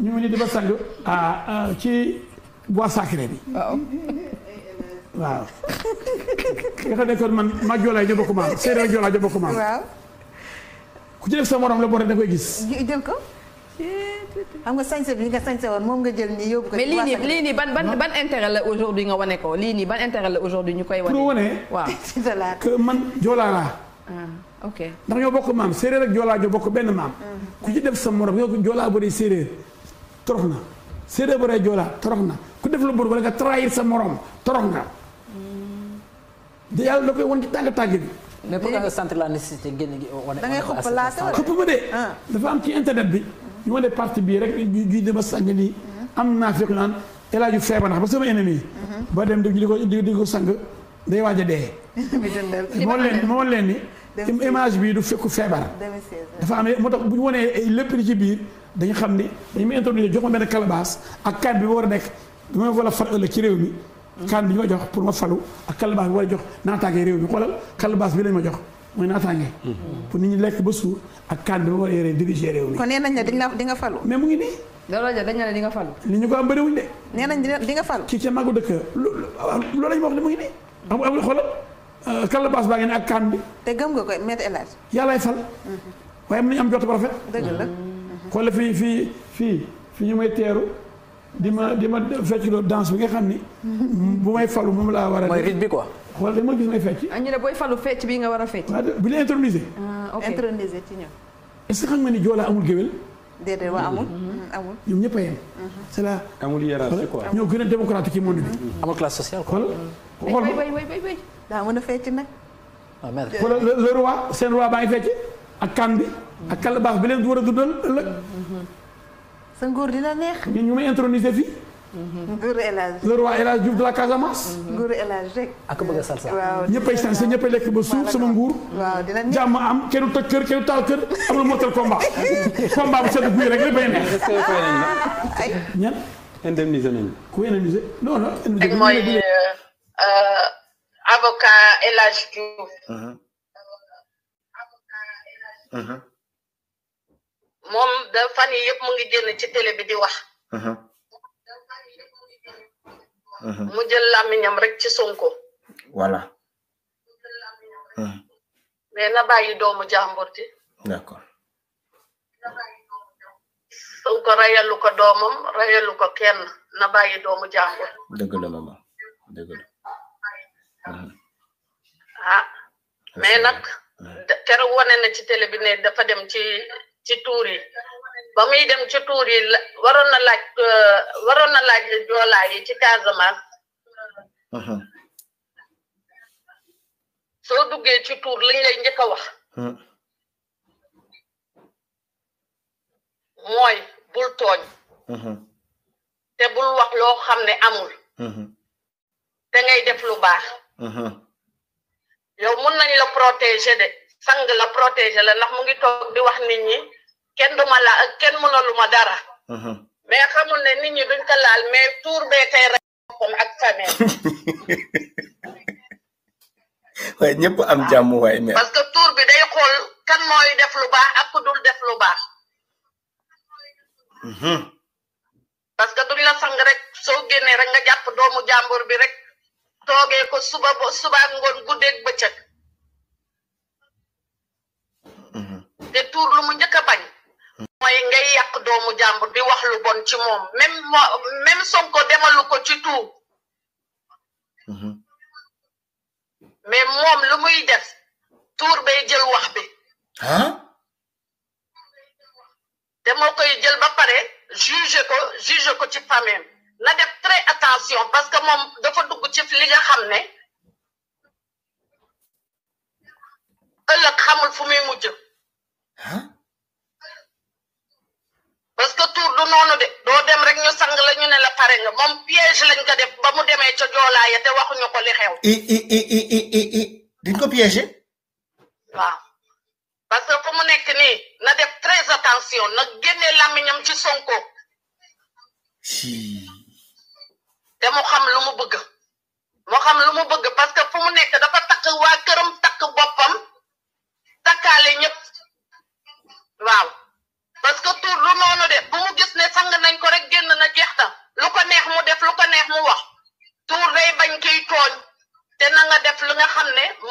ñu ngi nii di ba sang ah, ah ci bois sacré bi. waaw. waaw. nga man ma Joolaa bokk maam séeréer Joolaa ñu bokk maam. ku ci def sa morom la boo da koy gis. jël ko. xam nga sañse bi nga sañse woon moom nga jël nii ko. lii nii ban ban ban intérêt la aujourd'hui nga wane ko lii nii ban intérêt la aujourd'hui ñu koy wane. pour waaw que man Joolaa laa. Ah, ndax ñoo bokk maam séeréer ak Joolaa ñoo bokk benn maam. Ah. ku ci def sa morom yow Joolaa bari séeréer. torox na séeréer bu rey joola torox na ku def lu bon sa morom torox nga da yàlla da koy wan bi. mais pourquoi nga la nécessité génn da ngay xuppalaate wala ah. ci internet bi. ñu wane bii rek ñu ñu dem a sànni nii. Mm-hmm. am naa fekk naan El ba sama ennemi. Mm-hmm. ba dem di ko di ko sang day waaj a dee. moo leen moo leen image bii du fekku feebar. dafa am moo tax bu ñu wanee lépp li ci biir. dañu xam ne dañu ma introduire jox ma benn calebasse ak kan bi ma war a nekk bi ma war a far ëllëg ci réew mi. kan bi ñu ma jox pour ma falu ak calebasse bi war a jox naataangee réew mi xoolal calebasse bi lañ ma jox mooy naataangee. pour nit ñi lekk ba suur ak kan bi ma war a yore diriger réew mi. kon nee la dañ nga falu. mais mu ngi nii. looloo ja dañ la di falu. li ñu ko am bëriwuñ de. nee nañ nga falu. kii ca màggu dëkk lu loolu lañ ma wax ne mu ngi nii. amul amul xoolal euh, calebasse baa ngeen ak kan bi. te gëm nga koy Maître El Hadj. yàllaay fal. Mm-hmm. waaye mën am jot rafet. dëgg la xoolal fii fii fii fi ñu may teeru di ma di ma fecc loo danse bi nga xam ni. bu may falu moom laa war a. mooy rythme bi quoi. xoolal da ma gis may fecc. Ah, ñu ne bi nga war a bu ñu intronisé. Ah, ok intronisé ci ñoom. est-ce ni Joola amul géwél. Mm-hmm. ñoom ñëpp a yem. Mm-hmm. c'est la. amul ñoo gën a démocratique ci monde bi. Mm-hmm. amul classe sociale quoi. xool bay bay bay bay daa mën a fecc nag. ah mel. xoolal roi seen roi baa ngi fecc ak kan bi. ak kàlla baax bi leen war a dundal ëllëg. sa nguur dina neex. ñun ñu may introniser de la Casamance. nguuru El Hadj rek. ak a salsa. waaw ñëppay salsa ñëppay lekk ba suuf sama nguur. waaw dina neex jàmm am kenn du toj kër kenn du taal kër amul motal combat. combat bu sedd guy rek la bay neex. ay ñan. indemniser nañu. ku indemniser non non. indemniser mooy euh, euh, avocat El Hadj Diouf. Uh-huh. Euh, avocat El Hadj moom da fan yi yëpp mu ngi génn ci télé bi di wax uh-huh. Uh-huh. mu jël làmmiñam rek ci Sonko voilà uh-huh. mais na bàyyi doomu jàmbur ji d'accord Sonko rayalu ko doomam rayalu ko kenn na bàyyi doomu jàmbur dëgg la mama dëgg la ah mais nag te wone na ci télé bi ne dafa dem ci ci tuuri ba muy dem ci tuuri waroon na laaj uh, waroon na laaj joolaa yi ci Casamance soo duggee ci tuur lañ lay njëkk wax mooy bul tooñ te bul wax loo xam ne amul te ngay def lu baax yow mun nañ la protéger de sang la protéger la ndax mu ngi toog di wax nit ñi ken duma la ken kenn mënalu ma dara. mais xamul ne nit ñi duñ ko laal mais tour bee kay rek boppam ak famé way ñepp am jamm way mais. parce que tour bi day xol kan moy def lu baax ak ku dul def lu baax. Mhm. parce que duñ la sang rek so génnee rek nga japp doomu jambour bi rek toogee ko suba bo suba ngon ngoon guddeeg bëccëg. Mhm. te tour lu mu njëkk bañ. ngay ngay doomu jàmbur di wax lu bon ci moom même même Sonko demalu ko ci tout mhm. mais moom lu muy def tour bay jël wax bi ah hein? dama koy jël ba pare juge ko juge ko ci famille na def très attention parce que moom dafa dugg ci li nga xam ne ëllëg xamul fu muy mujj hein? parce que tour du noonu de doo dem rek ñu sang la ñu ne la pare nga moom piège lañ ko def ba mu demee ca joolaa ya te waxuñu ko li xew. i i i i i diñ ko piégé. waaw parce que fu mu nekk nii na def très attention na génne làmmiñam ci Sonko. te mu xam lu mu bëgg. mu xam lu mu bëgg parce que fu mu nekk dafa takk waa këram takk boppam.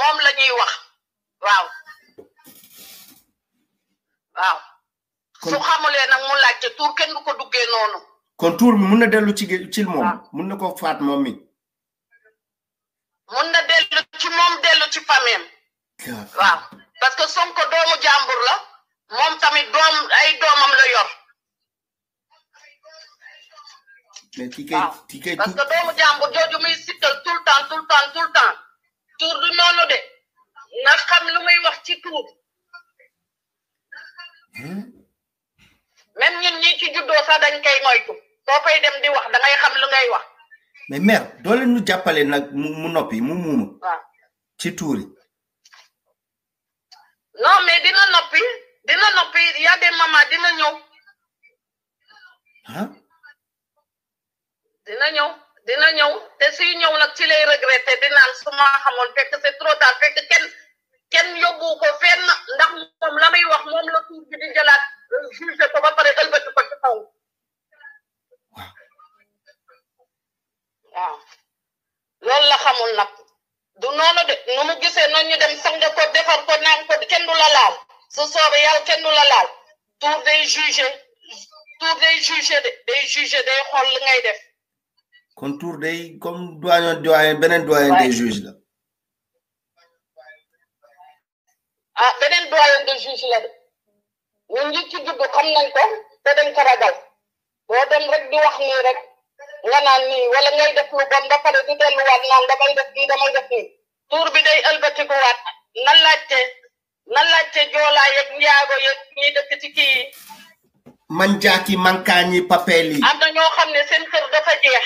moom la ñuy wax waaw waaw su xamulee nag mu laajte tuur kenn du ko duggee noonu kon tuur mun na dellu ci ci moom mun na koo faat moom mi mun na dellu ci moom dellu ci fameem waaw parce que Sonko doomu jàmbur la moom tamit doom ay doomam la yor mais kii kay kii kay parce que doomu jàmbur jooju muy sikkal tout le temps tout tuur du noonu de nga xam lu muy wax ci tuur hmm? même ñun ñi ci juddoo sax dañ koy moytu soo koy dem di wax da ngay xam lu ngay wax. mais mère doo ñu jàppale nag mu noppi mu muuma. ci tuur yi. non dina noppi dina noppi y a des dina ñëw. dina ñëw. dina ñëw te si ñëw nag ci lay regretté di naan su ma xamoon fekk c'est trop tard fekk kenn kenn yóbbu ko fenn ndax moom la muy wax moom la tuur di jëlaat euh, jugé ko ba pare ëlbati ko ci kaw waaw la xamul nag du noonu de nu mu gisee noonu ñu dem sanga ko ko naan ko kenn du laal su soobee yàlla kenn du la laal tuur day jugé tuur day jugé de day jugé day xool li ngay def kon Tour day comme doyen doyen beneen doyen des juges la. ah beneen doyen des juges la de ñun li ci judd ko te dañ ko ragal boo dem rek di wax nii rek nga naan nii wala ngay def lu bon ba pare di delluwaat naan damay def nii damay def nii Tour bi day ëlbatikuwaat na laajte na laajte joolaa yeeg njaago yeeg ñiy dëkk ci kii yi. man jaaki mankaañi papel yi. am na ñoo xam ne seen kër dafa jeex.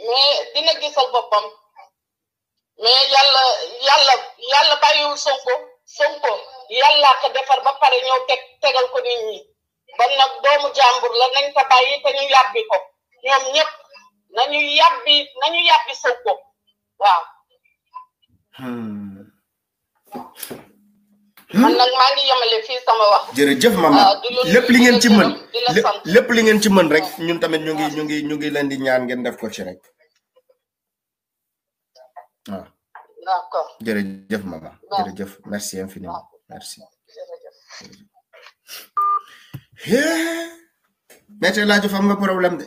mais dina gisal boppam mais yàlla yàlla yàlla bàyyiwul sonko sonko yàlla ko defar ba pare ñëw teg tegal ko nit ñi ban nag doomu jàmbur la nañ ko bàyyi te ñu yàbbi ko ñoom ñëpp nañu yàbbi nañu yàbbi sonko waaw hmm. man jërëjëf maman ah, lépp li ngeen ci mën lépp li ngeen ci mën rek ñun tamit ñu ngi ñu ngi ñu ngi leen di ñaan ngeen def ko ci rek waaw. Ah. d'accord jërëjëf maman jërëjëf merci infiniment ah. merci. Maître El Hadj Diouf am nga problème de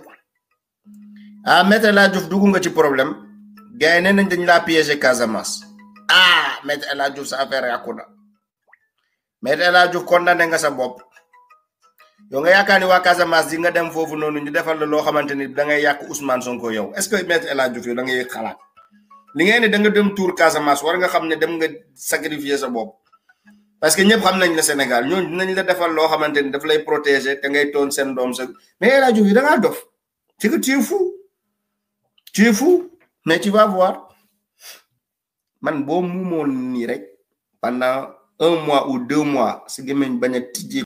ah Maître El Hadj nga ci problème gars yi nee nañ dañ laa piégé Casamance ah Maître El Hadj sa affaire yàqu meɗen aju condamné nga sa bop yo nga yakani wa casa mas di nga dem fofu nonu ñu defal la lo xamanteni ni da ngay yak Ousmane Sonko yow est ce que maître El Hadj Diouf yow da ngay xalat li ngay ne da nga dem tour mas war nga xamne dem nga sacrifier sa bop parce que ñepp xamnañ la Sénégal ñoo dinañ la defal lo xamanteni da fay protéger te ngay ton sen dom sa mais El Hadj Diouf da nga dof ci que tu es fou tu es fou mais tu vas voir man bo mumon ni rek pendant un mois ou deux mois si gémmiñ bañ a tijji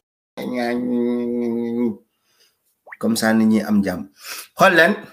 comme ça nit ñi am jàmm xool